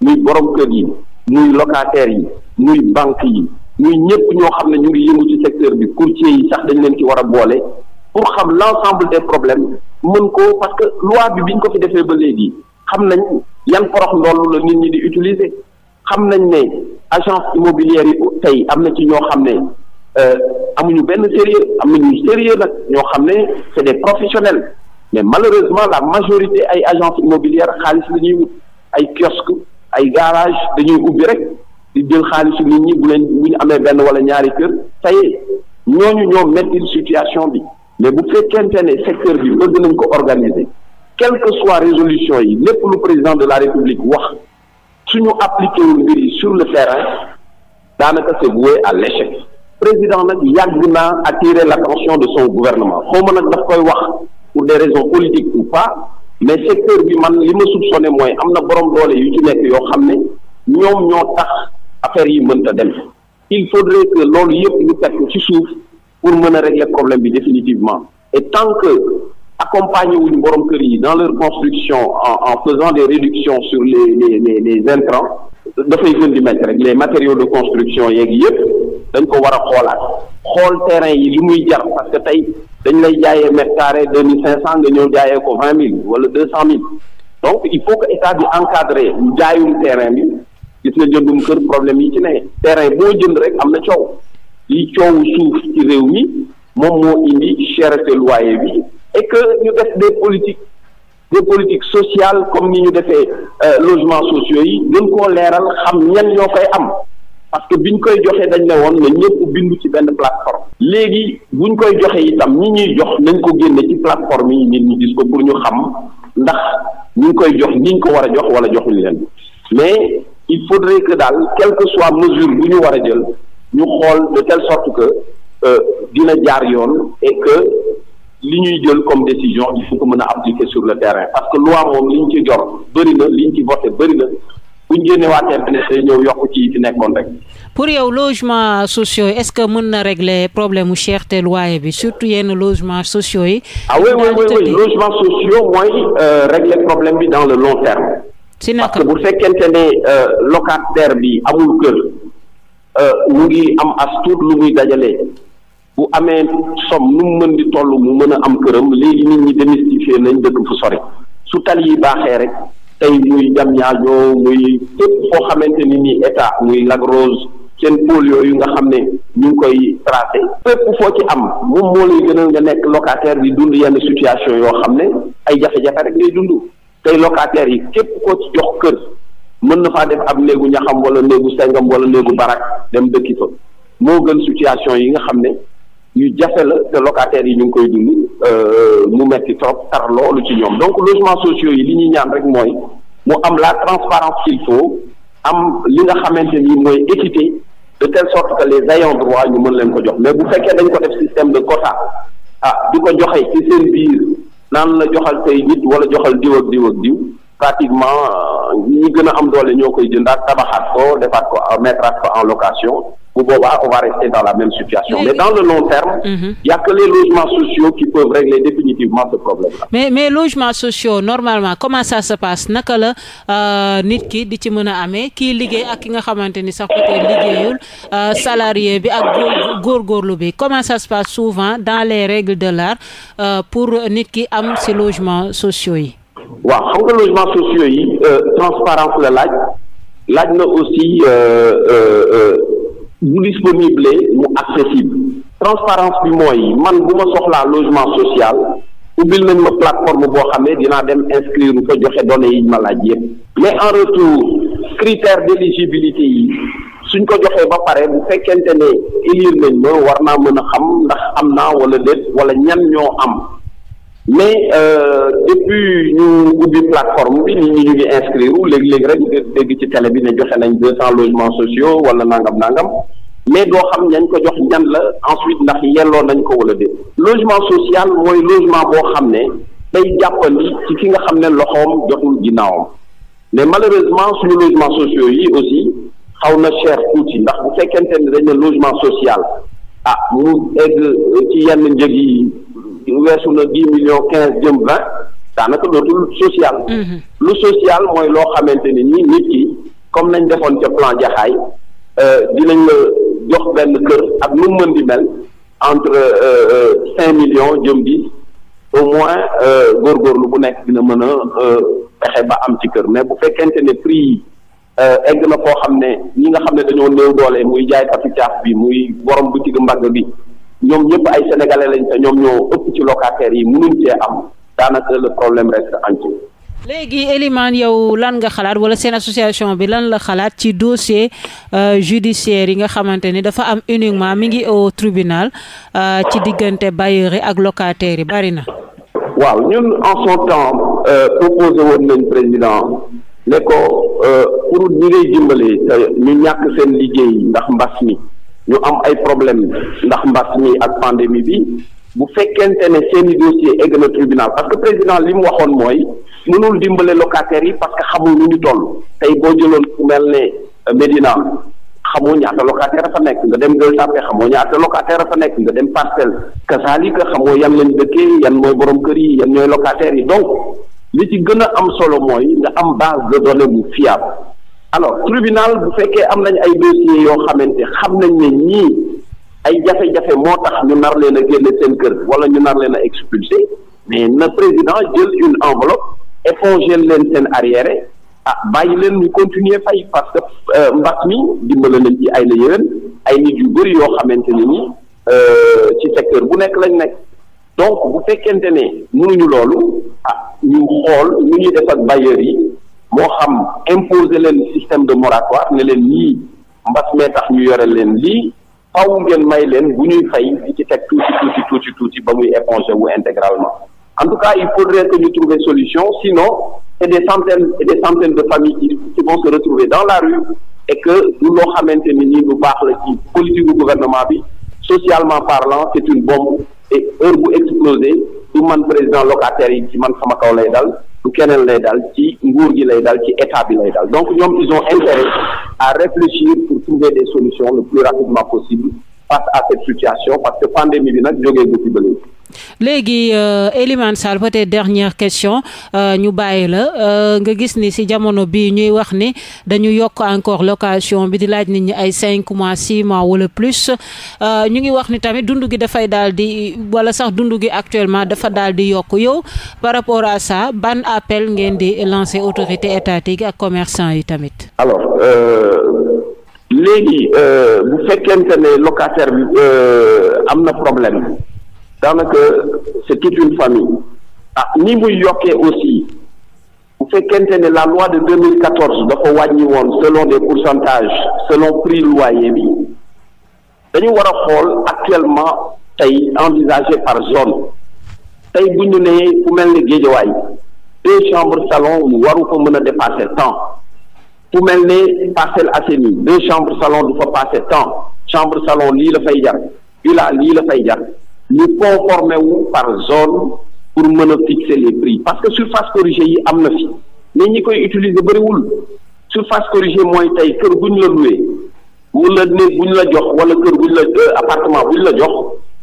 muy borom kër yi muy locataires yi muy banques yi ñuy ñëpp ñoo xam ne ñu ngi yëngu ci secteur bi courtier yi sax dañ leen ci war a boole pour xam l' ensemble des problèmes mën ko parce que loi bi ñu ko fi defee ba léegi xam nañ yan porox ndoll la nit ñi di utiliser xam nañ ne agence immobilière yi tey am na ci ñoo xam ne euh, amuñu benn sérieux am na ñuy sérieux nag ñoo xam ne c' est des professionnels mais malheureusement la majorité ay agence immobilière xaalis la ñuy ay kiosque ay garage dañuy ubbi rek di jël xaalisu nit ñi bu leen bu ñu amee benn wala ñaari kër ça y est ñooñu ñoo mettil situation bi mais bu fekkente ne secteur bi bëgg nañ ko organiser quelle que soit résolution yi lépp lu président de la république wax suñu appliqué wul mbir yi sur le terrain daanaka c'est voué à l'échec président nag yàgg naa attirer l'attention de son gouvernement xaw ma nag daf koy wax pour des raisons politiques ou pas mais secteur bi man li ma soupçonné mooy a na borom doole yu ci nekk yoo xam ne ñoom ñoo tax affaire yi mënta dem il faudrait que loolu yëpp ñu teg ci suuf pour mën a régler problème bi définitivement et tant que accompagner wuñu borom kër yi dans leur construction en en faisant des réductions sur les les les les dafay gën di mettre rek les matériaux de construction yeeg yëpp dañ ko war a xoolaat xool terrain yi li muy jar parce que tey dañ lay jaayee mètre carré deux mille cinq cent nga ñëw jaayee ko vingt mille wala deux cent mille donc il faut que état bi encadrer jaayum terrain bi. gis nga jëndum kër problème yi ci ne terrain boo jënd rek am na coow li coowu suuf ci réew mi moom moo indi cherté loyer bi et que ñu def des politiques des politiques sociales comme ni ñu defee euh, logement sociaux yi gën koo leeral xam ñen ñoo koy am parce que biñ koy joxee dañ ne woon na ñëpp bindu ci benn plateforme léegi buñ koy joxe itam ñi ñuy jox nañ ko génne ci plateforme yi ñu ñi gis ko pour ñu xam ndax ñu koy jox niñ ko war a jox wala joxuñ leen il faudrait que daal quelle que soit mesure bu ñu war a jël ñu xool de telle sorte que euh, dina jaar yoon et que li ñuy jël comme décision il faut que mën a appliquer sur le terrain parce que loi moom li ñu ci jor bëri li ñu ci voté bëri na bu ñu génne waatee benn day ñëw yokk ci fi nekkoon rek. pour yow logement sociaux est-ce que mën na régler problème mu cherté loyer bi surtout yenn logement sociaux yi. ah oui oui oui, oui. logement sociaux mooy euh, régler problème bi dans le long terme. si bu fekkente ne euh, locataire bi amul kër euh, mu ngi am as tuut lu muy dajale bu amee somme nu mu mën di toll mu mën a am këram léegi nit ñi démystifier nañ dëkk fu sori su tal yi baaxee rek tey muy jam ñaajo muy fépp foo xamante ni nii état muy Lac Rose seen pôle yu nga xam ne ñu ngi koy tracé fépp foo ci am moom moo lay gënal nga nekk locataire bi dund yenn situation yoo xam ne ay jafe-jafe rek ngay dundu tey locataires yi képp ko ci jox kër mën na faa def ab néegu ñaxam wala néegu sengam wala néegu barak dem dëkki fa moo gën situation yi nga xam ne yu jafe la te locataires yi ñu ngi koy dund euh, mu metti trop tar loolu ci ñoom donc logements sociaux yi li ñuy ñaan rek mooy mu am la transparence qu'il faut am li nga xamante nii mooy équité de telle sorte que les ayants droit ñu mën leen ko jox mais bu fekkee dañ ko def système de quota ah di ko joxe ci naan la joxal say nit wala joxal diw ak diw ak diw pratiquement euh, ñi gën a am doole ñoo koy jëndaat tabaxaat ko defaat ko mettre ko en location bu boobaa on dans la même situation mais, dans le long terme mhm. il mmh. y a que sociaux qui peuvent régler définitivement ce problème là mais mais logements sociaux normalement comment ça se passe naka la euh, nit ki di ci mën a amee kii liggéey ak ki nga xamante ni sax peut-être liggéeyul euh, salarié bi ak góorgóorlu bi comment ça se passe souvent dans les règles de l'art euh, pour nit ki am ci logements sociaux yi waaw xam nga sociaux yi euh, transparence la laaj laaj na aussi bu disponible mu accessible transparence bi mooy man bu ma soxlaa logement social ubbil nañ ma plateforme boo xam ne dinaa dem inscrire fa joxe données yi ma laaj yëpp mais en retour critère d'éligibilité yi suñ ko joxee ba pare bu fekkente ne élire nañ ma war naa mën a xam ndax am naa wala déet wala ñan ñoo am mais euh, depuis ñu ubbi plateforme bi nit ñi ñu ngi inscrire léegi léegi rek dégg ci télé bi ne joxe nañ deux cent sociaux wala nangam nangam mais doo xam ñañ ko jox ñan la ensuite ndax yelloo nañ ko wala déet logement social mooy logement boo xam ne day jàppandi ci ki nga xam ne loxoom jotul ginnaawam mais malheureusement suñu logement sociaux yi aussi xaw na cher tuuti ndax bu fekkente ne dañ ne logement social ah mu egg ci yenn njëg yi weesu na dix millions quinze jëm vingt daanaka dootul social mm-hmm. lu social mooy loo xamante ni nii nit ki comme nañ defoon ca plan jaxaay Euh, dinañ la jox benn kër ak nu mën di mel entre euh, euh, cinq millions jëm bi au moins góorgóorlu bu nekk dina mën a fexe ba am ci kër mais bu fekkente ne prix yi egg na koo xam ne ñi nga xam ne dañoo néew doole muy jaay katu caaf bi muy borom boutique mbagg bi ñoom ñëpp ay sénégalais lañ te ñoom ñoo ëpp ci locataires yi mënuñ cee am daanaka la problème reste entier léegi Elimane yow lan nga xalaat wala seen association bi lan la xalaat ci dossier euh, judiciaire yi nga xamante ni dafa am uniquement mi ngi au tribunal euh, ci diggante bailleurs ak locataires yi bari na. waaw ñun en son temps euh, proposé woon nañ président ne ko pour ñi ngay dimbalee ñu ñàkk seen liggéey ndax mbas mi ñu am ay problème ndax mbas mi ak pandémie bi. bu fekkente ne seen i dossier egg na tribunal parce que président li mu waxoon mooy mënul dimbale locataires yi parce que xamul nu ñu toll tey boo jëloon ku mel ne euh, Médina xamoo ñaata locataire fa nekk nga dem Gueule Tapée xamoo ñaata locataire fa nekk nga dem Parcelles kasaalika xamoo yan lañ dëkkee yan mooy borom kër yi yan ñooy locataires yi donc li ci gën a am solo mooy nga am base de données bu fiable alors tribunal bu fekkee am nañ ay dossiers yoo xamante xam nañ ne ñii. ay jafe-jafe moo tax ñu nar leen a génne seen kër wala ñu nar leen a expulsé mais na président jël une enveloppe éponger leen seen arrière ah bàyyi leen ñu continuer fay parce que euh, mbas mi dimbale nañ ci ay la yéwén ay nit yu bëri yoo xamante ne ni euh, ci secteur bu nekk lañ nekk donc bu fekkente ne mënuñu loolu ah ñu xool ñu ñuy def ak bailleurs yi moo xam imposer leen système de moratoire ne leen lii mbas mee tax ñu yore leen lii. faw ngeen may leen bu ñuy fay di ci teg tuuti tuuti tuuti tuuti ba muy éponger intégralement en tout cas il faudrait que ñu trouver solution sinon c'est des centaines et de familles qui, qui vont se retrouver dans la rue et que du loo xamante ni nii lu baax la ci politique du gouvernement bi socialement parlant c'est une bombe et heure bu exploser du man président locataire yi ci man sama kaw lay dal du keneen lay dal ci nguur gi lay dal ci état bi lay dal donc ñoom ils ont intérêt à réfléchir pour trouver des solutions le plus rapidement possible face à cette situation parce que pandémie bi nag jógee guddi ba léegi euh, Elimane Sall peut-être question euh, ñu bàyyi la euh, nga gis ni ci jamono bi ñuy wax ni dañu yokk encore location bi di laaj nit ñi ay cinq mois six mois wala plus ñu ngi wax ni tamit dund gi dafay daal di walla sax dund gi actuellement dafa daal di yokk yow par rapport à sa ban appel ngeen di lancer autorité étatique ak commerçant yi tamit. alors léegi bu fekkente ne locataire am na problème. daanaka c'est toute une famille ah nii buy yokkee aussi bu fekkente ne la loi de 2014 dafa wàññi woon selon des pourcentages selon prix loyer bi dañu war a xool actuellement tey envisagé par zone tey bu ñu nee fu mel ni Géejawaay deux chambres salon waru ko mën a dépasser temps fu mel ne Parcelles Assainies deux chambres salon du fa passer temps chambre salon lii la fay jar villa lii la fay jar ñu conformé wu par zone pour mën a fixer les prix parce que surface corrigée yi am na fi mais ñi koy utiliser bëriwul surface corrigée mooy tey kër bu ñu la loué wala néeg bu ñu la jox wala kër bu ñu la euh, appartement bu ñu la jox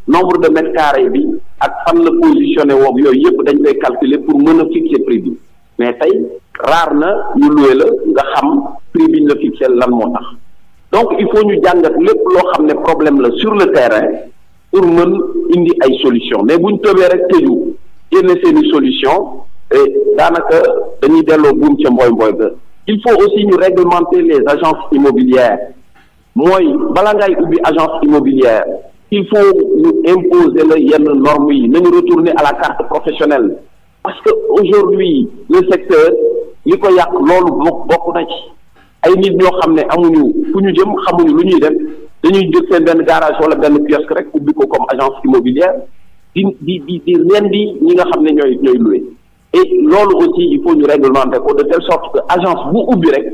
nombre de mètres carrés bi ak fan la positionné woog yooyu yëpp dañu koy calculer pour mën a fixer prix bi mais tey raar na ñu loué la nga xam prix bi ñu la fixé lan moo tax donc il faut ñu jàngat lépp loo xam ne problème la sur terrain pour mën indi ay solution mais bu ñu toogee rek tëju génne seeni solution daanaka dañuy delloo buum ca mbooy mbooy ba il faut aussi ñu réglementer les agences immobilières mooy bala ngay ubbi agence immobilière il faut ñu imposer la yenn normes yi nañu retourner à la carte professionnelle parce que aujourd'hui le secteur li ko yàq loolu bokk na ci ay nit ñoo xam ne amuñu fu ñu jëm xamuñu lu ñuy dem dañuy jël seen benn garage wala benn kiosque rek ubbi ko comme agence immobilière di di di di ren di ñi nga xam ne ñooy ñooy loué et loolu aussi il faut ñu réglementer ko de telle sorte que agence bu ubbi rek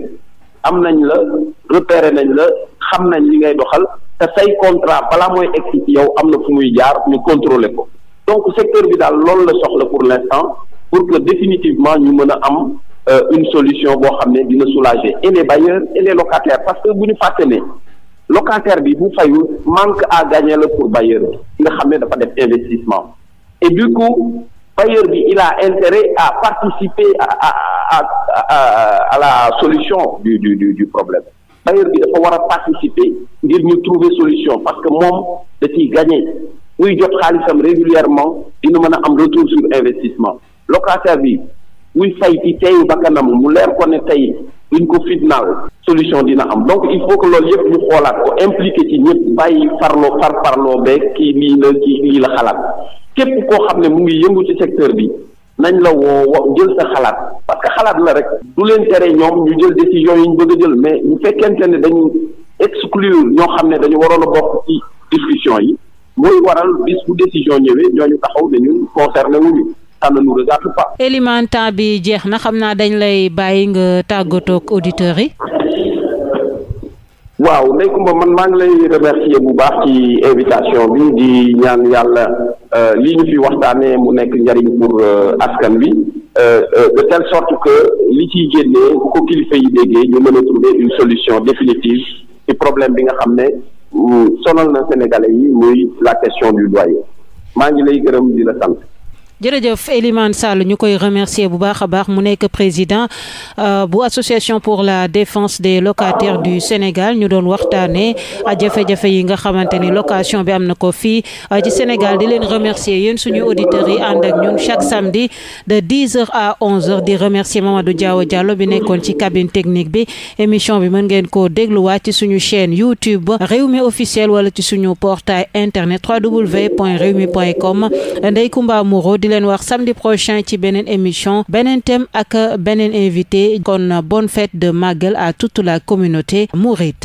am nañ la repéré nañ la xam nañ li ngay doxal te say contrat balaa mooy egsi ci yow am na fu muy jaar ñu contrôler ko donc secteur bi daal lool la soxla pour l'instant pour que définitivement ñu mën a am euh, une solution boo xam ne dina soulager et les bailleurs et les locataires parce que bu ñu fàtte locataire bi bu fayul manque à gagner la pour bailleur bi nga xam ne dafa def investissement et du coup bailleur bi il a intérêt à participer à à à a à la solution du du du, du problème bailleur bi dafa war a participer ngir ñu trouver solution parce que moom da ciy gagner muy jot xaalisam régulièrement dina mën a am retour sur investissement locataire bi muy fay ci tey bakkanam mu leer ko ne tey duñ ko fitnaal solution dina am donc il faut que loolu yëpp ñu xoolaat ko impliqué ci ñëpp bàyyi farloo far farloo beeg kii lii la kii lii la xalaat képp koo xam ne mu ngi yëngu ci secteur bi nañ la woo jël sa xalaat parce que xalaat la rek du leen tere ñoom ñu jël décision yi ñu bëgg a jël mais ñu fekkente ne dañu exclure ñoo xam ne dañu waroon a bokk ci discussion yi mooy waral bis bu décision ñëwee ñooñu taxaw ne ñun concerné wuñu ça ne nous regarde pas. élémentaire bi jeex na xam naa dañ lay bàyyi nga tàggatoo ak auditeurs yi. waaw Ndeye Comba man maa ngi lay remercier bu baax ci invitation bi di ñaan yàlla euh, lii ñu fi waxtaanee mu nekk njariñ pour euh, askan bi euh, de tele sorte que li ciy génnee bu ko kilifa yi déggee ñu mën a trouver une solution définitive ci problème bi nga xam ne mm, sonal na Sénégalais yi muy la question du loyer maa ngi lay gërëm di la sant. jërëjëf Elimane Sall ñu koy remercier bu baax a baax mu nekk président euh, bu association pour la défense des locataires du Sénégal ñu doon waxtaanee a jafe yi nga xamante ni location bi am na ko fii euh, ci Sénégal di leen remercier yéen suñu auditeurs yi ànd ak ñun chaque samedi de 10 heures à 11 heures di remercier Mamadou Diaw Diallo bi nekkoon ci cabine technique bi émission bi mën ngeen koo dégluwaat ci suñu chaîne YouTube Rewmi officiel wala ci suñu portail internet www.rewmi.com Ndeye Comba Moreau di leen wax samedi prochain ci beneen émission beneen thème ak beneen invité kon bon fête de Magal à toute la communauté mouride